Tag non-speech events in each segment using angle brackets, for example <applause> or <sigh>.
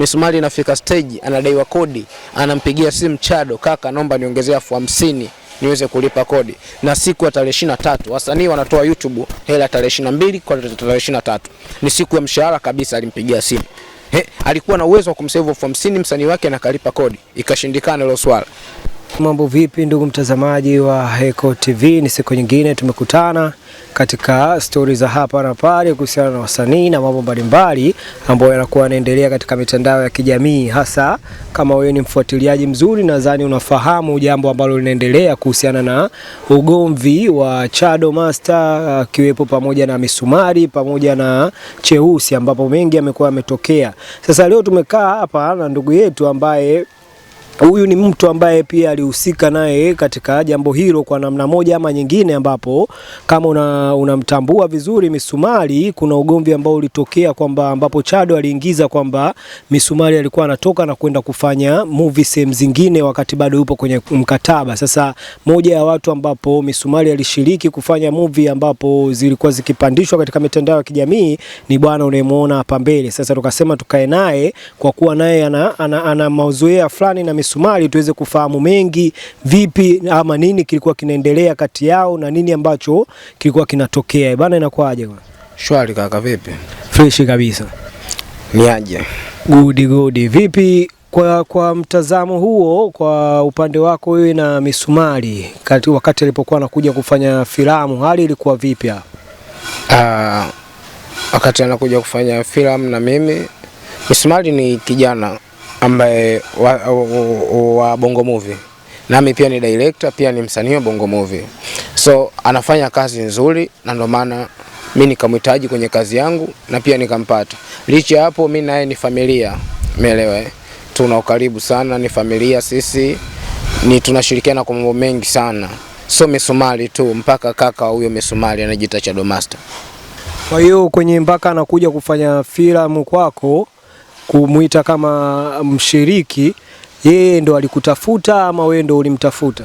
Misumari inafika stage anadaiwa kodi, anampigia simu Chado, kaka, naomba niongezee elfu hamsini niweze kulipa kodi. Na siku ya tarehe ishirini na tatu wasanii wanatoa YouTube hela tarehe ishirini na mbili kwa tarehe ishirini na tatu ni siku ya mshahara kabisa, alimpigia simu He, alikuwa na uwezo wa kumsave elfu hamsini msanii wake na kalipa kodi, ikashindikana hilo swala. Mambo vipi, ndugu mtazamaji wa Eko TV, ni siku nyingine tumekutana katika stori za hapa na pale kuhusiana na wasanii na mambo mbalimbali ambayo yanakuwa yanaendelea katika mitandao ya kijamii. Hasa kama wewe ni mfuatiliaji mzuri, nadhani unafahamu jambo ambalo linaendelea kuhusiana na ugomvi wa Chado Master akiwepo pamoja na Misumari pamoja na Cheusi, ambapo mengi yamekuwa yametokea. Sasa leo tumekaa hapa na ndugu yetu ambaye huyu ni mtu ambaye pia alihusika naye katika jambo hilo kwa namna moja ama nyingine, ambapo kama unamtambua una vizuri misumari, kuna ugomvi ambao ulitokea kwamba ambapo Chado aliingiza kwamba misumari alikuwa anatoka na kwenda kufanya movie sehemu zingine wakati bado yupo kwenye mkataba. Sasa moja ya watu ambapo misumari alishiriki kufanya movie ambapo zilikuwa zikipandishwa katika mitandao ya kijamii ni bwana unayemuona hapa mbele. Sasa tukasema tukae naye kwa kuwa naye ana, ana, ana, ana mazoea fulani na misumari tuweze kufahamu mengi, vipi ama nini kilikuwa kinaendelea kati yao na nini ambacho kilikuwa kinatokea eh, bana. Inakuwaje? Shwari kaka, vipi? Fresh kabisa. aje? Good, good. Vipi kwa, kwa mtazamo huo kwa upande wako wewe na misumari kati, wakati alipokuwa anakuja kufanya filamu hali ilikuwa vipi hapa? Uh, wakati anakuja kufanya filamu na mimi, misumari ni kijana ambaye wa, wa, wa wa Bongo Movie. Nami pia ni director, pia ni msanii wa Bongo Movie. So anafanya kazi nzuri na ndio maana mimi nikamhitaji kwenye kazi yangu na pia nikampata. Licha hapo mimi naye ni familia. Umeelewa? eh? Tuna ukaribu sana, ni familia sisi. Ni tunashirikiana kwa mambo mengi sana. So misumari tu mpaka kaka huyo misumari anajiita Chado Master. Kwa hiyo kwenye mpaka anakuja kufanya filamu kwako kumwita kama mshiriki, yeye ndo alikutafuta ama wewe ndo ulimtafuta?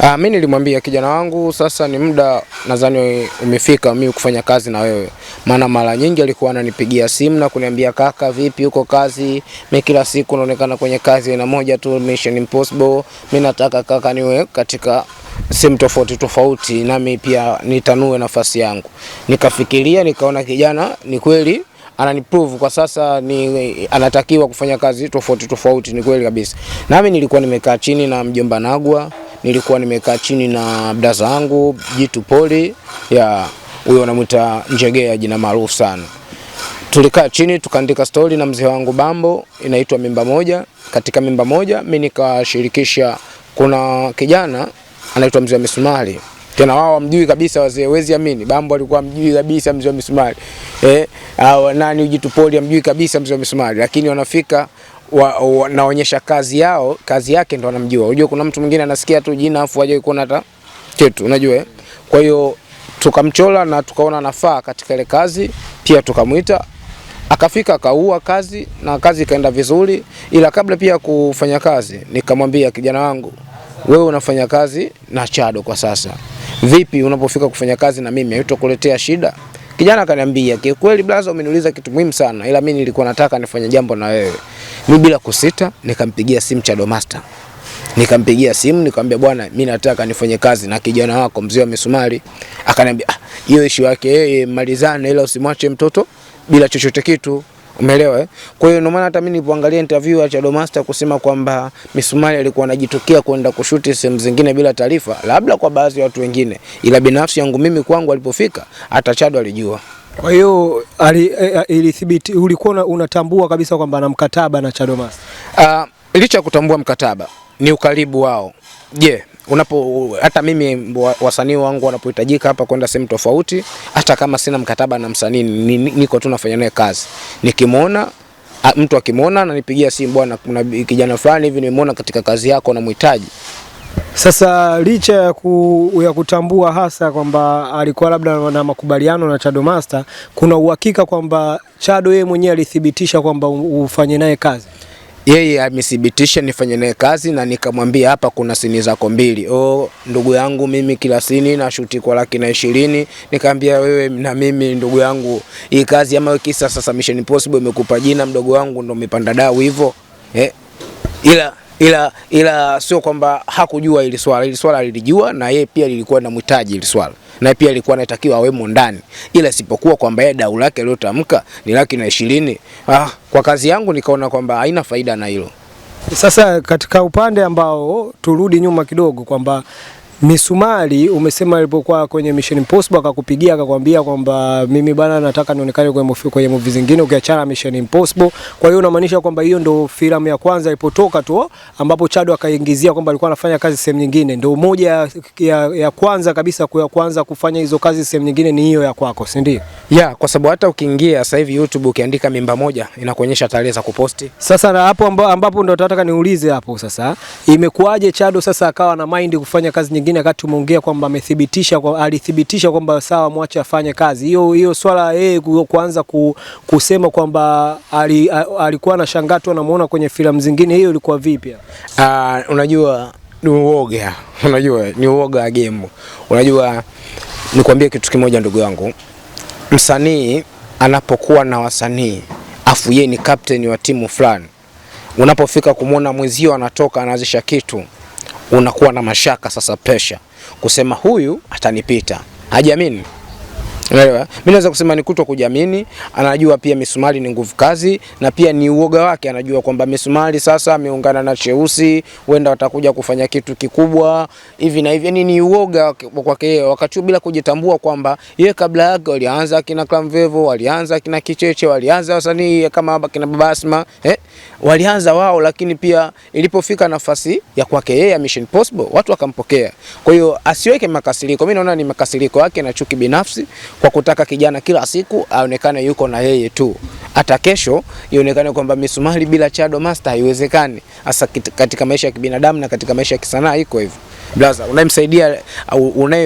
Ah, mimi nilimwambia kijana wangu, sasa ni muda nadhani umefika mimi kufanya kazi na wewe, maana mara nyingi alikuwa ananipigia simu na kuniambia kaka, vipi uko kazi? Mimi kila siku naonekana kwenye kazi na moja tu, mission impossible. Mimi nataka kaka niwe katika sehemu tofauti tofauti, nami pia nitanue nafasi yangu. Nikafikiria, nikaona kijana ni kweli ananiprove kwa sasa ni anatakiwa kufanya kazi tofauti tofauti. Ni kweli kabisa, nami nilikuwa nimekaa chini na mjomba Nagwa, nilikuwa nimekaa chini na bda wangu Jitu Poli ya huyo anamwita Njegea, jina maarufu sana. Tulikaa chini tukaandika stori na mzee wangu Bambo, inaitwa mimba moja. Katika mimba moja mimi nikashirikisha, kuna kijana anaitwa mzee wa misumari tena wao wamjui kabisa wazee, wezi amini. Bambo alikuwa mjui kabisa mzee wa misumari. Eh, au nani ujitupoli amjui kabisa mzee wa misumari, lakini wanafika wa, wa, naonyesha kazi yao, kazi yake ndo wanamjua. Unajua kuna mtu mwingine anasikia tu jina afu hajawahi kuona hata kitu, unajua. Eh? Kwa hiyo tukamchola na tukaona nafaa katika ile kazi, pia tukamwita akafika akaua kazi na kazi ikaenda vizuri, ila kabla pia kufanya kazi nikamwambia kijana wangu, wewe unafanya kazi na Chado kwa sasa vipi, unapofika kufanya kazi na mimi haitokuletea shida? Kijana akaniambia kiukweli, blaza, umeniuliza kitu muhimu sana, ila mimi nilikuwa nataka nifanye jambo na wewe. Mimi bila kusita nikampigia simu Chado Master, nikampigia simu nikamwambia, bwana, mimi nataka nifanye kazi na kijana wako mzee wa misumari. Akaniambia ah, hiyo ah, ishu yake yeye, malizane, ila usimwache mtoto bila chochote kitu. Umeelewa eh? Kwa hiyo ndio maana hata mimi nilipoangalia interview ya Shadow Master kusema kwamba Misumari alikuwa anajitokea kwenda kushuti sehemu zingine bila taarifa, labda kwa baadhi ya watu wengine, ila binafsi yangu mimi kwangu alipofika hata Chado alijua. Kwa hiyo eh, eh, ilithibiti, ulikuwa unatambua kabisa kwamba ana mkataba na Shadow Master. Uh, licha ya kutambua mkataba ni ukaribu wao. Je, yeah unapo hata mimi wasanii wangu wanapohitajika hapa kwenda sehemu tofauti, hata kama sina mkataba na msanii, niko tu nafanya naye kazi, nikimwona mtu akimwona ananipigia simu, bwana, kuna kijana fulani hivi nimemwona katika kazi yako, namhitaji. Sasa licha ya, ku, ya kutambua hasa kwamba alikuwa labda na makubaliano na Chado Master, kuna uhakika kwamba Chado yeye mwenyewe alithibitisha kwamba ufanye naye kazi? yeye amethibitisha nifanye naye kazi na nikamwambia hapa kuna sini zako mbili. Oh, ndugu yangu mimi kila sini na shuti kwa laki na ishirini. Nikamwambia wewe na mimi ndugu yangu hii kazi ama kisa sasa Mission Impossible imekupa jina mdogo wangu ndo umepanda dau hivyo. Eh. Ila ila, ila sio kwamba hakujua ili swala. ili swala lilijua na yeye pia lilikuwa mhitaji ili swala, na pia alikuwa anatakiwa awemo ndani, ila sipokuwa kwamba yeye dau lake aliyotamka ni laki na ishirini. Ah, kwa kazi yangu nikaona kwamba haina faida na hilo. Sasa katika upande ambao turudi nyuma kidogo kwamba Misumari umesema alipokuwa kwenye Mission Impossible akakupigia akakwambia kwamba mimi bana nataka nionekane kwenye kwenye movie zingine ukiachana Mission Impossible. Kwa hiyo unamaanisha kwamba hiyo ndio filamu ya kwanza ilipotoka tu ambapo Chado akaingizia kwamba alikuwa anafanya kazi sehemu nyingine. Ndio moja ya, ya, ya kwanza kabisa kwa kwanza kufanya hizo kazi sehemu nyingine ni hiyo ya kwako, si ndio? Yeah, kwa sababu hata ukiingia sasa hivi YouTube ukiandika mimba moja inakuonyesha tarehe za kuposti. Sasa na hapo ambapo ndio nataka niulize hapo sasa. Imekuwaje Chado sasa akawa na mind kufanya kazi nyingine nyingine wakati umeongea kwamba amethibitisha kwa, alithibitisha kwamba sawa, mwache afanye kazi hiyo hiyo. Swala yeye kuanza ku, kusema kwamba alikuwa anashangaa tu anamuona kwenye filamu zingine, hiyo ilikuwa vipi? Uh, unajua ni uoga, unajua ni uoga wa game. Unajua nikwambie kitu kimoja ndugu yangu, msanii anapokuwa na wasanii afu yeye ni captain wa timu fulani, unapofika kumwona mwenzio anatoka anaanzisha kitu unakuwa na mashaka sasa, pesha kusema huyu atanipita, hajamini Elewa. Mimi naweza kusema ni kutwa kujiamini, anajua pia misumari ni nguvu kazi na pia ni uoga wake, anajua kwamba misumari sasa ameungana na cheusi, wenda watakuja kufanya kitu kikubwa hivi na hivi. Yaani ni uoga kwake yeye wakati bila kujitambua kwamba yeye kabla yake walianza kina Klamvevo, walianza kina Kicheche, walianza wasanii kama kina Baba Asma, eh? Walianza wao lakini pia ilipofika nafasi ya kwake yeye Mission Possible watu wakampokea. Kwa hiyo asiweke makasiriko. Mimi naona ni makasiriko yake na chuki binafsi kwa kutaka kijana kila siku aonekane yuko na yeye tu, hata kesho ionekane kwamba misumari bila Chado Master haiwezekani, hasa katika maisha ya kibinadamu na katika maisha ya kisanaa iko hivyo. Brother, unayemsaidia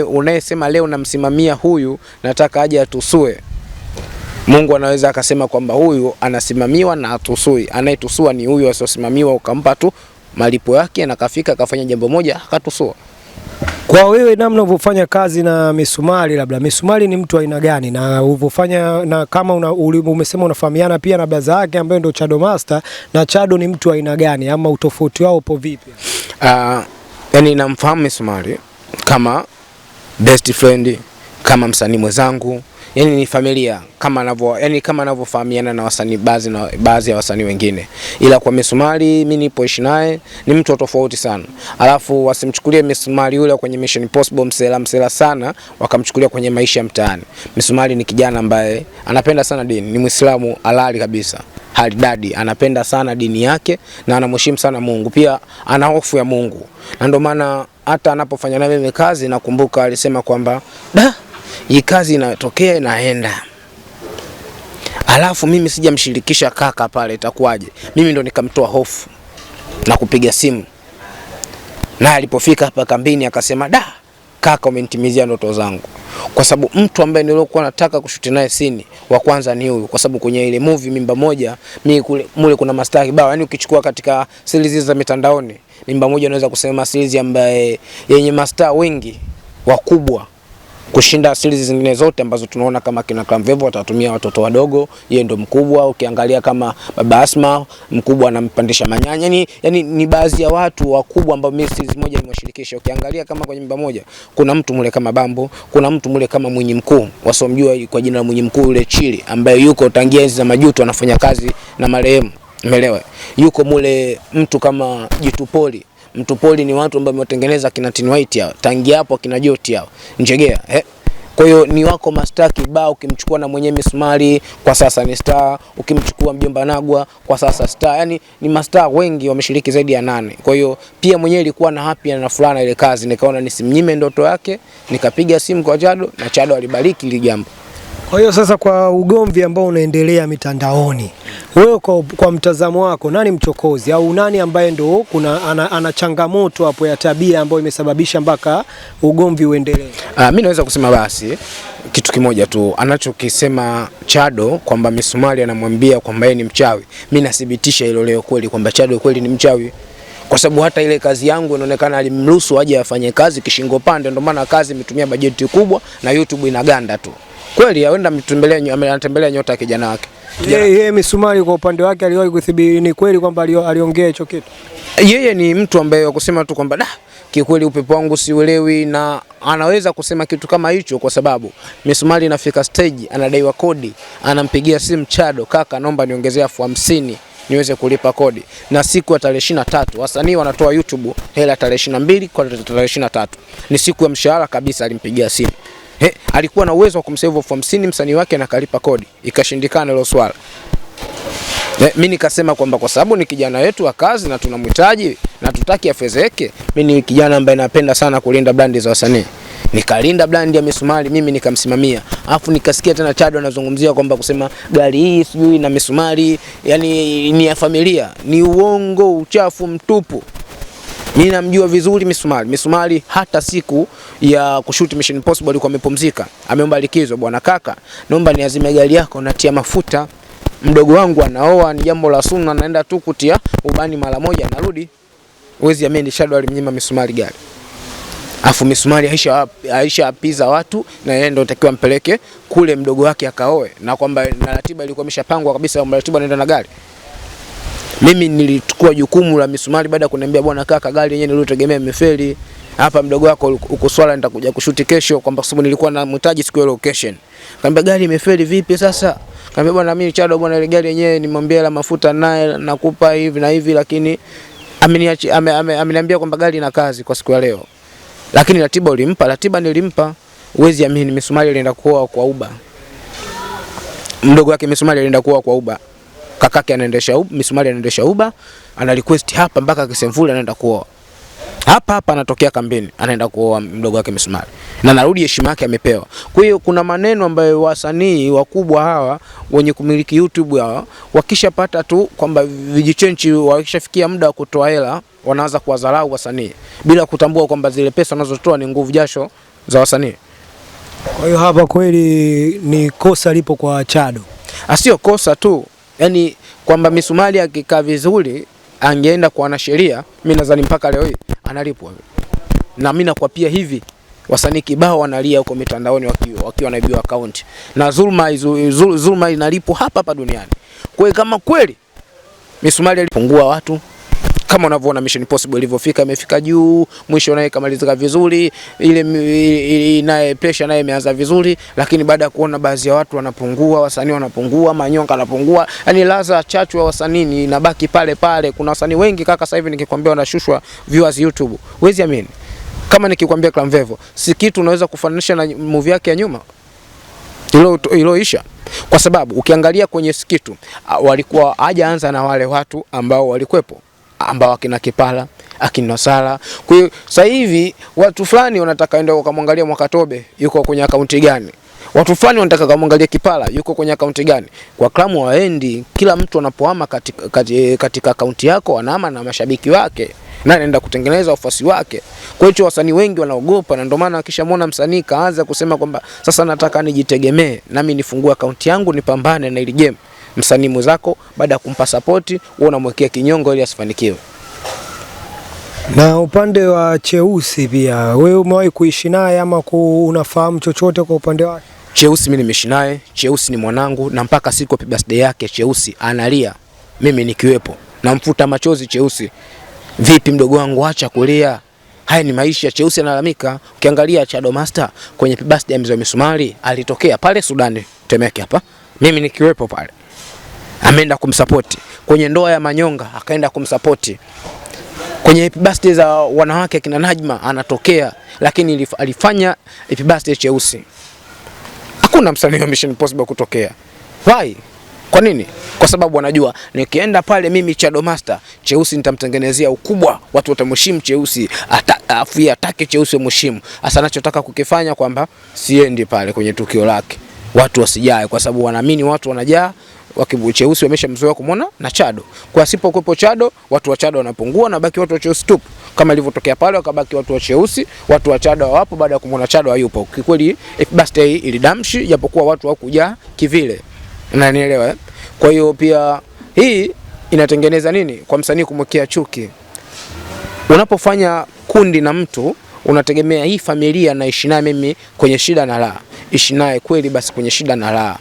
unayesema leo namsimamia huyu, nataka aje atusue Mungu anaweza akasema kwamba huyu anasimamiwa na atusui. Anayetusua ni huyu asiosimamiwa, ukampa tu malipo yake na kafika akafanya jambo moja akatusua. Kwa wewe namna unavyofanya kazi na misumari, labda misumari ni mtu aina gani, na ulivyofanya na kama una, umesema unafahamiana pia na baza yake ambaye ndio Chado Master, na Chado ni mtu aina gani ama utofauti wao upo vipi? Uh, yani namfahamu misumari kama best friend, kama msanii mwenzangu yani ni familia kama anavyo yani kama anavyofahamiana na wasanii baadhi na baadhi ya wasanii wengine, ila kwa Misumari mimi nipo ishi naye ni mtu tofauti sana. Alafu wasimchukulie Misumari yule kwenye Mission Possible msela msela sana, wakamchukulia kwenye maisha ya mtaani. Misumari ni kijana ambaye anapenda sana dini, ni Muislamu halali kabisa halidadi anapenda sana dini yake na anamheshimu sana Mungu, pia ana hofu ya Mungu, na ndio maana hata anapofanya na mimi kazi, nakumbuka alisema kwamba da hii kazi inatokea inaenda, alafu mimi sijamshirikisha kaka pale, itakuwaje? Mimi ndo nikamtoa hofu na kupiga simu, na alipofika hapa kambini akasema da, kaka, umenitimizia ndoto zangu, kwa sababu mtu ambaye niliokuwa nataka kushuti naye sini wa kwanza ni huyu, kwa sababu kwenye ile movie Mimba Moja mimi kule mule kuna mastaa kibao, yani ukichukua katika series za mitandaoni Mimba Moja unaweza kusema series ambaye yenye mastaa wengi wakubwa kushinda series zingine zote ambazo tunaona kama kina Kamvevo watatumia watoto wadogo, yeye ndo mkubwa. Ukiangalia kama Baba Asma mkubwa anampandisha manyanya, yani, yani ni baadhi ya watu wakubwa ambao mimi series moja nimewashirikisha. Ukiangalia kama kwenye nyumba moja kuna mtu mule kama Bambo, kuna mtu mule kama Mwinyi Mkuu, wasomjua kwa jina la Mwinyi Mkuu yule chili ambaye yuko tangia enzi za majuto anafanya kazi na marehemu, umeelewa? Yuko mule mtu kama Jitupoli Mtopoli ni watu ambao wametengeneza kina Tin White hao, tangi hapo kina Joti hao, Njegea eh. Kwa hiyo ni wako masta kibao, ukimchukua na mwenye Misumari kwa sasa ni star, ukimchukua mjomba Nagwa kwa sasa star. Yani ni masta wengi wameshiriki zaidi ya nane. Kwa hiyo pia mwenyewe ilikuwa na happy na fulana ile kazi, nikaona nisimnyime ndoto yake, nikapiga simu kwa Chado na Chado alibariki ile jambo. Kwa hiyo sasa, kwa ugomvi ambao unaendelea mitandaoni, wewe kwa, kwa mtazamo wako nani mchokozi au nani ambaye ndo kuna ana, ana changamoto hapo ya tabia ambayo imesababisha mpaka ugomvi uendelee? Ah, mimi naweza kusema basi kitu kimoja tu anachokisema Chado kwamba Misumari anamwambia kwamba yeye ni mchawi. Mimi nathibitisha hilo leo kweli kwamba Chado kweli ni mchawi kwa sababu hata ile kazi yangu inaonekana alimruhusu aje afanye kazi kishingo pande, ndio maana kazi imetumia bajeti kubwa na YouTube inaganda tu. Kweli aenda mtembelea, anatembelea nyota ya kijana wake. Yeye yeah, yeah, Misumari kwa upande wake aliwahi kudhibiti, ni kweli kwamba aliongea hicho kitu. Yeye ni mtu ambaye wakusema tu kwamba da kikweli upepo wangu siuelewi, na anaweza kusema kitu kama hicho kwa sababu Misumari inafika stage anadaiwa kodi, anampigia simu Chado, kaka, naomba niongezee elfu hamsini niweze kulipa kodi, na siku ya tarehe ishirini na tatu wasanii wanatoa YouTube hela tarehe ishirini na mbili kwa tarehe ishirini na tatu ni siku ya mshahara kabisa. Alimpigia simu He, alikuwa na uwezo wa kumsave elfu hamsini msanii wake na kalipa kodi, ikashindikana hilo swala. Mi nikasema kwamba kwa sababu ni kijana wetu wa kazi na tunamhitaji na tutaki afezeke. Mi ni kijana ambaye napenda sana kulinda brandi za wasanii nikalinda brand ya misumari mimi nikamsimamia, afu nikasikia tena Chado anazungumzia kwamba kusema gari hii sijui na misumari yani ni ya familia, ni uongo, uchafu mtupu. Mimi namjua vizuri Misumari. Misumari hata siku ya kushuti Mission Impossible alikuwa amepumzika. Ameomba likizo, bwana kaka, naomba niazime gari yako natia mafuta. Mdogo wangu anaoa, ni jambo la sunna, naenda tu kutia ubani mara moja narudi. Wezi ameni Shadow alimnyima Misumari gari afu misumari aisha aisha apiza watu na yeye ndio takiwa mpeleke kule mdogo wake akaoe, na kwamba na ratiba ilikuwa imeshapangwa kabisa, kwamba ratiba naenda na gari. Mimi nilichukua jukumu la misumari baada ya kuniambia, bwana kaka, gari yenyewe niliotegemea imefeli hapa, mdogo wako uko swala, nitakuja kushuti kesho, kwamba sababu nilikuwa na mtaji siku ya location. Kaambia gari imefeli vipi sasa? Kaambia bwana, mimi chado bwana, ile gari yenyewe nimwambia la mafuta naye nakupa hivi na hivi, lakini ameniambia ame, ame, ame kwamba gari ina kazi kwa siku ya leo. Lakini ratiba ulimpa? Ratiba nilimpa. Uwezi amini, Misumari alienda kuoa kwa Uba, mdogo wake Misumari alienda kuoa kwa Uba, kakake anaendesha Uba, Misumari anaendesha Uba, ana request hapa mpaka Kisemvuli, anaenda kuoa hapa hapa, anatokea kambini, anaenda kuoa mdogo wake Misumari na narudi, heshima yake amepewa. Kwa hiyo kuna maneno ambayo wasanii wakubwa hawa wenye kumiliki YouTube hawa wakishapata tu kwamba vijichenchi, wakishafikia muda wa kutoa hela wanaanza kuwadharau wasanii bila kutambua kwamba zile pesa wanazotoa ni nguvu jasho za wasanii. Kwa hiyo hapa kweli ni kosa lipo kwa Chado, asio ah, kosa tu, yani kwamba misumari akikaa vizuri angeenda kwa wanasheria, mimi nadhani mpaka leo hii analipwa, na mimi nakuwa pia hivi wasanii kibao wanalia huko mitandaoni wakiwa waki wanaibiwa account na zulma, zulma inalipwa hapa hapa duniani. Kwa hiyo kama kweli misumari alipungua watu kama unavyoona Mission Impossible ilivyofika, imefika juu, mwisho naye kamalizika vizuri, ile naye pressure naye imeanza vizuri, lakini baada ya kuona baadhi ya watu wanapungua, wasanii wanapungua, manyonga anapungua, yani laza chachu ya wasanii inabaki pale pale. Kuna wasanii wengi kaka, sasa hivi nikikwambia wanashushwa viewers YouTube, huwezi amini. Kama nikikwambia Clamvevo, si kitu unaweza kufananisha na movie yake ya nyuma iloisha kwa sababu ukiangalia kwenye skitu walikuwa hajaanza na wale watu ambao walikwepo ambao akina Kipala akina Sala. Kwa hiyo sasa hivi watu fulani wanataka waende wakamwangalia Mwakatobe yuko kwenye akaunti gani, watu fulani wanataka wakamwangalia Kipala yuko kwenye akaunti gani. Kwa klamu waendi, kila mtu anapohama katika, katika akaunti yako anahama na mashabiki wake na anaenda kutengeneza ufuasi wake. Kwa hiyo wasanii wengi wanaogopa, na ndio maana akishamwona msanii kaanza kusema kwamba sasa nataka nijitegemee, nami nifungue akaunti yangu nipambane na ile game msanii mwenzako, baada ya kumpa support, wewe unamwekea kinyongo ili asifanikiwe. Na upande wa Cheusi pia, wewe umewahi kuishi naye ama unafahamu chochote kwa upande wake? Cheusi mimi nimeishi naye. Cheusi ni mwanangu, na mpaka siku ya birthday yake Cheusi analia, mimi nikiwepo namfuta machozi Cheusi. Vipi mdogo wangu, acha kulia, haya ni maisha. Cheusi analalamika. Ukiangalia Chado Master kwenye birthday ya Mzee Misumari alitokea pale Sudani Temeke hapa, mimi nikiwepo pale ameenda kumsapoti kwenye ndoa ya Manyonga, akaenda kumsapoti kwenye happy birthday za wanawake kina Najma anatokea, lakini alifanya happy birthday cheusi. Hakuna msanii wa Mission Impossible kutokea. Why? Kwa nini? Kwa sababu wanajua nikienda pale mimi Chado Master cheusi nitamtengenezea ukubwa, watu watamheshimu cheusi, afu yeye atake cheusi wamheshimu. Hasa anachotaka kukifanya kwamba siendi pale kwenye tukio lake watu wasijae, kwa sababu wanaamini watu wanajaa wa cheusi wameshamzoea kumwona na Chado. Kwa asipokuepo Chado, watu wa Chado wanapungua na baki watu wa cheusi tupu. Kama ilivyotokea pale wakabaki watu wa cheusi, watu wa Chado hawapo baada ya kumwona Chado hayupo. Kikweli eh, birthday hii ilidamshi japokuwa watu hawakuja kivile. Unanielewa eh? Kwa hiyo pia hii inatengeneza nini? Kwa msanii kumwekea chuki. Unapofanya kundi na mtu unategemea hii familia naishi naye mimi kwenye shida na raha, ishi naye kweli basi kwenye shida na raha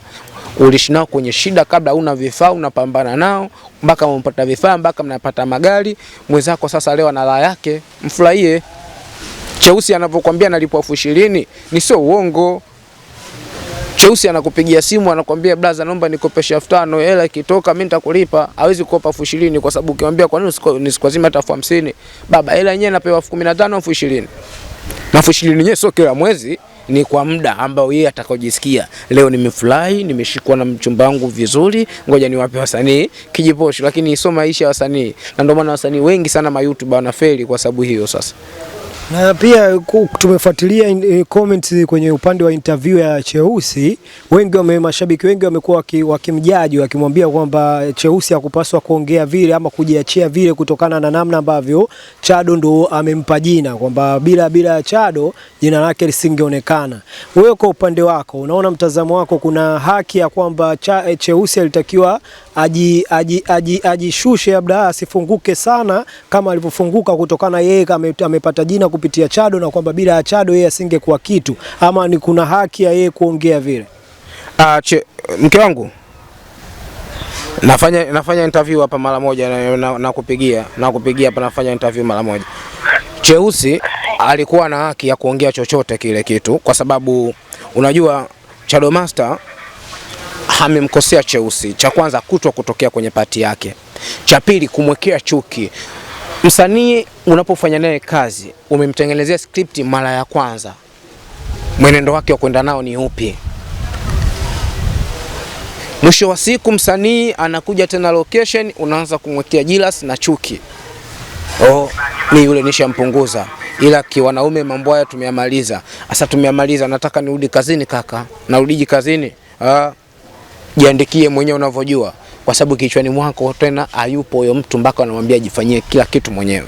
ulishi nao kwenye shida, kabla una vifaa unapambana nao mpaka mpata vifaa mpaka mnapata magari. Mwenzako sasa leo ana raha yake, mfurahie. Cheusi anapokuambia nalipwa elfu ishirini ni sio uongo. Cheusi anakupigia simu anakuambia, brother, naomba nikopeshe elfu tano hela ikitoka mimi nitakulipa. Hawezi kukopa elfu ishirini kwa sababu ukimwambia kwa nini nisikuazima hata elfu hamsini baba, hela yenyewe napewa elfu kumi na tano elfu ishirini na elfu ishirini yenyewe sio kila mwezi ni kwa muda ambao yeye atakojisikia. Leo nimefurahi, nimeshikwa na mchumba wangu vizuri, ngoja niwape wasanii kijiposho, lakini sio maisha ya wasanii, na ndio maana wasanii wengi sana ma YouTuber wanafeli kwa sababu hiyo sasa na pia tumefuatilia eh, comments kwenye upande wa interview ya Cheusi, wengi wame mashabiki wengi wamekuwa wakimjaji wakimwambia kwamba Cheusi hakupaswa kuongea vile ama kujiachia vile kutokana na namna ambavyo Chado ndo amempa jina kwamba bila bila Chado jina lake lisingeonekana. Wewe kwa upande wako unaona, mtazamo wako, kuna haki ya kwamba eh, Cheusi alitakiwa ajishushe aji, aji, aji labda asifunguke sana kama alivyofunguka kutokana yeye amepata jina kupitia Chado na kwamba bila ya Chado yeye asingekuwa kitu, ama ni kuna haki ya yeye kuongea vile? Ah, mke wangu nafanya nafanya interview hapa mara moja nakupigia na, na nakupigia hapa nafanya interview mara moja. Cheusi alikuwa na haki ya kuongea chochote kile kitu, kwa sababu unajua Chado Master amemkosea Cheusi, cha kwanza kutwa kutokea kwenye pati yake, cha pili kumwekea chuki Msanii unapofanya naye kazi, umemtengenezea script mara ya kwanza, mwenendo wake wa kwenda nao ni upi? Mwisho wa siku msanii anakuja tena location, unaanza kumwekea jealous na chuki. Oh, ni yule nishampunguza, ila kiwanaume mambo haya tumeyamaliza. asa tumeyamaliza, nataka nirudi kazini. Kaka, narudiji kazini? Ah, jiandikie mwenyewe unavyojua kwa sababu kichwani mwako tena hayupo huyo mtu mpaka anamwambia jifanyie kila kitu mwenyewe.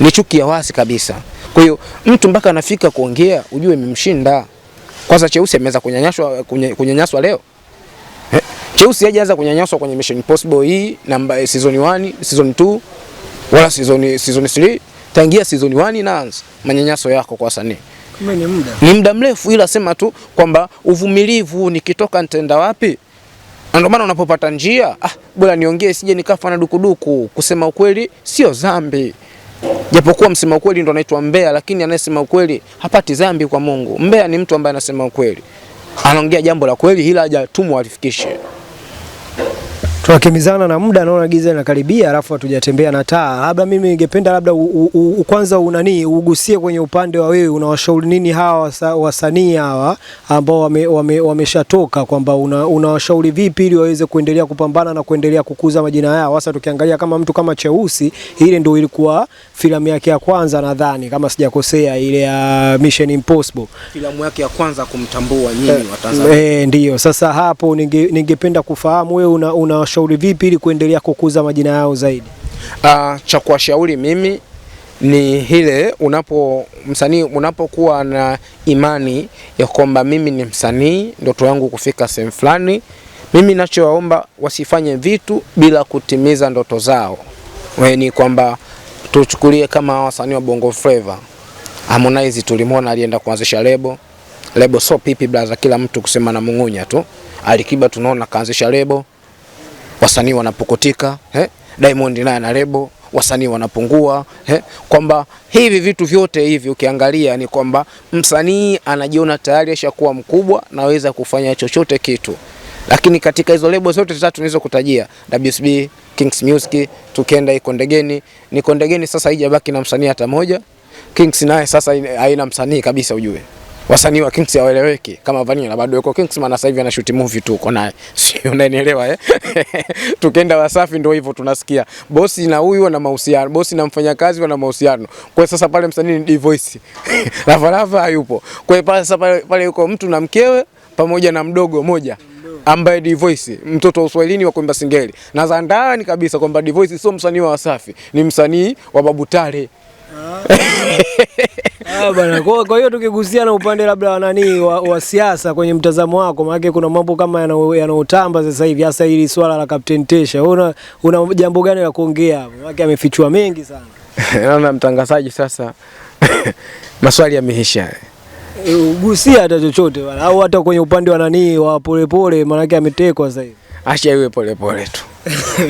Ni chuki ya wasi kabisa. Kwa hiyo mtu mpaka anafika kuongea ujue imemshinda. Kwanza Cheusi ameanza kunyanyaswa kunyanyaswa leo. Cheusi hajaanza kunyanyaswa kwenye Mission Impossible hii namba eh, season 1, season 2 wala season season 3 tangia season 1 inaanza manyanyaso yako kwa wasanii. Ni muda mrefu ila sema tu kwamba uvumilivu, nikitoka nitaenda wapi? na ndio maana unapopata njia ah, bora niongee sije nikafa na dukuduku. Kusema ukweli sio dhambi, japokuwa msema ukweli ndo anaitwa mbea, lakini anayesema ukweli hapati dhambi kwa Mungu. Mbea ni mtu ambaye anasema ukweli, anaongea jambo la kweli, ila hajatumwa alifikishe tunakimizana na muda, naona giza linakaribia, alafu hatujatembea na taa. Labda mimi ningependa labda kwanza unani ugusie kwenye upande wa wewe, unawashauri nini hawa wasanii hawa ambao wameshatoka, wame, wame kwamba unawashauri una vipi ili waweze kuendelea kupambana na kuendelea kukuza majina yao, hasa tukiangalia kama mtu kama Cheusi, ile ndio ilikuwa filamu yake ya kwanza nadhani kama sijakosea, ile ya Mission Impossible, filamu yake ya kwanza kumtambua nyinyi Watanzania. Eh, eh, ndio sasa hapo ningependa ninge kufahamu wewe una, una kuwashauri vipi ili kuendelea kukuza majina yao zaidi? Uh, cha kuwashauri mimi ni ile unapo msanii unapokuwa na imani ya kwamba mimi ni msanii, ndoto yangu kufika sehemu fulani, mimi nachowaomba wasifanye vitu bila kutimiza ndoto zao. Wewe ni kwamba tuchukulie kama wasanii wa Bongo Flava, Harmonize tulimwona alienda kuanzisha lebo lebo, so pipi brother, kila mtu kusema na mungunya tu. Alikiba tunaona kaanzisha lebo wasanii wanapukutika eh, Diamond naye na lebo wasanii wanapungua eh, kwamba hivi vitu vyote hivi ukiangalia ni kwamba msanii anajiona tayari ashakuwa mkubwa, naweza kufanya chochote kitu, lakini katika hizo lebo zote tatu nilizokutajia WCB, Kings Music, tukienda iko Ndegeni, ni Kondegeni sasa haijabaki na msanii hata moja. Kings naye sasa haina msanii kabisa, ujue wasanii wa Kings hawaeleweki kama Vanilla bado yuko Kings, maana sasa hivi ana shoot movie tu uko naye, <laughs> Si unanielewa eh? <laughs> Tukenda Wasafi ndio hivyo tunasikia bosi na huyu wana mahusiano, bosi na mfanyakazi wana mahusiano. Kwa sasa pale msanii ni divorce Lava <laughs> Lava hayupo. Kwa pale sasa pale, pale yuko mtu na mkewe pamoja na mdogo moja ambaye Divoice mtoto wa Uswahilini wa kuimba singeli, na za ndani kabisa kwamba Divoice sio msanii wa Wasafi, ni msanii wa Babu Tale. Ah, <laughs> ah kwa hiyo tukigusia na upande labda wa nani wa, wa siasa kwenye mtazamo wako, maana kuna mambo kama yanaotamba sasa hivi, hasa hili swala la Captain Tesha. Una, una jambo gani la kuongea hapo? Maana amefichua mengi sana. <laughs> Naona mtangazaji sasa <laughs> maswali yameisha. Eh, ugusia hata chochote au hata kwenye upande wa nani wa polepole, maana ametekwa sasa hivi. Acha iwe polepole tu.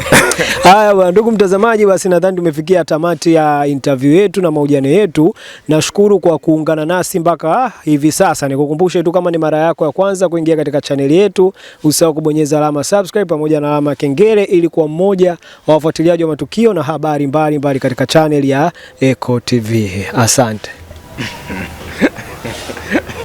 <coughs> Haya ndugu mtazamaji, basi nadhani tumefikia tamati ya interview yetu na mahojiano yetu. Nashukuru kwa kuungana nasi mpaka hivi sasa. Nikukumbushe tu kama ni mara yako ya kwanza kuingia katika chaneli yetu, usisahau kubonyeza alama subscribe pamoja na alama kengele ili kuwa mmoja wa wafuatiliaji wa matukio na habari mbalimbali katika chaneli ya Eko TV. Asante. <laughs>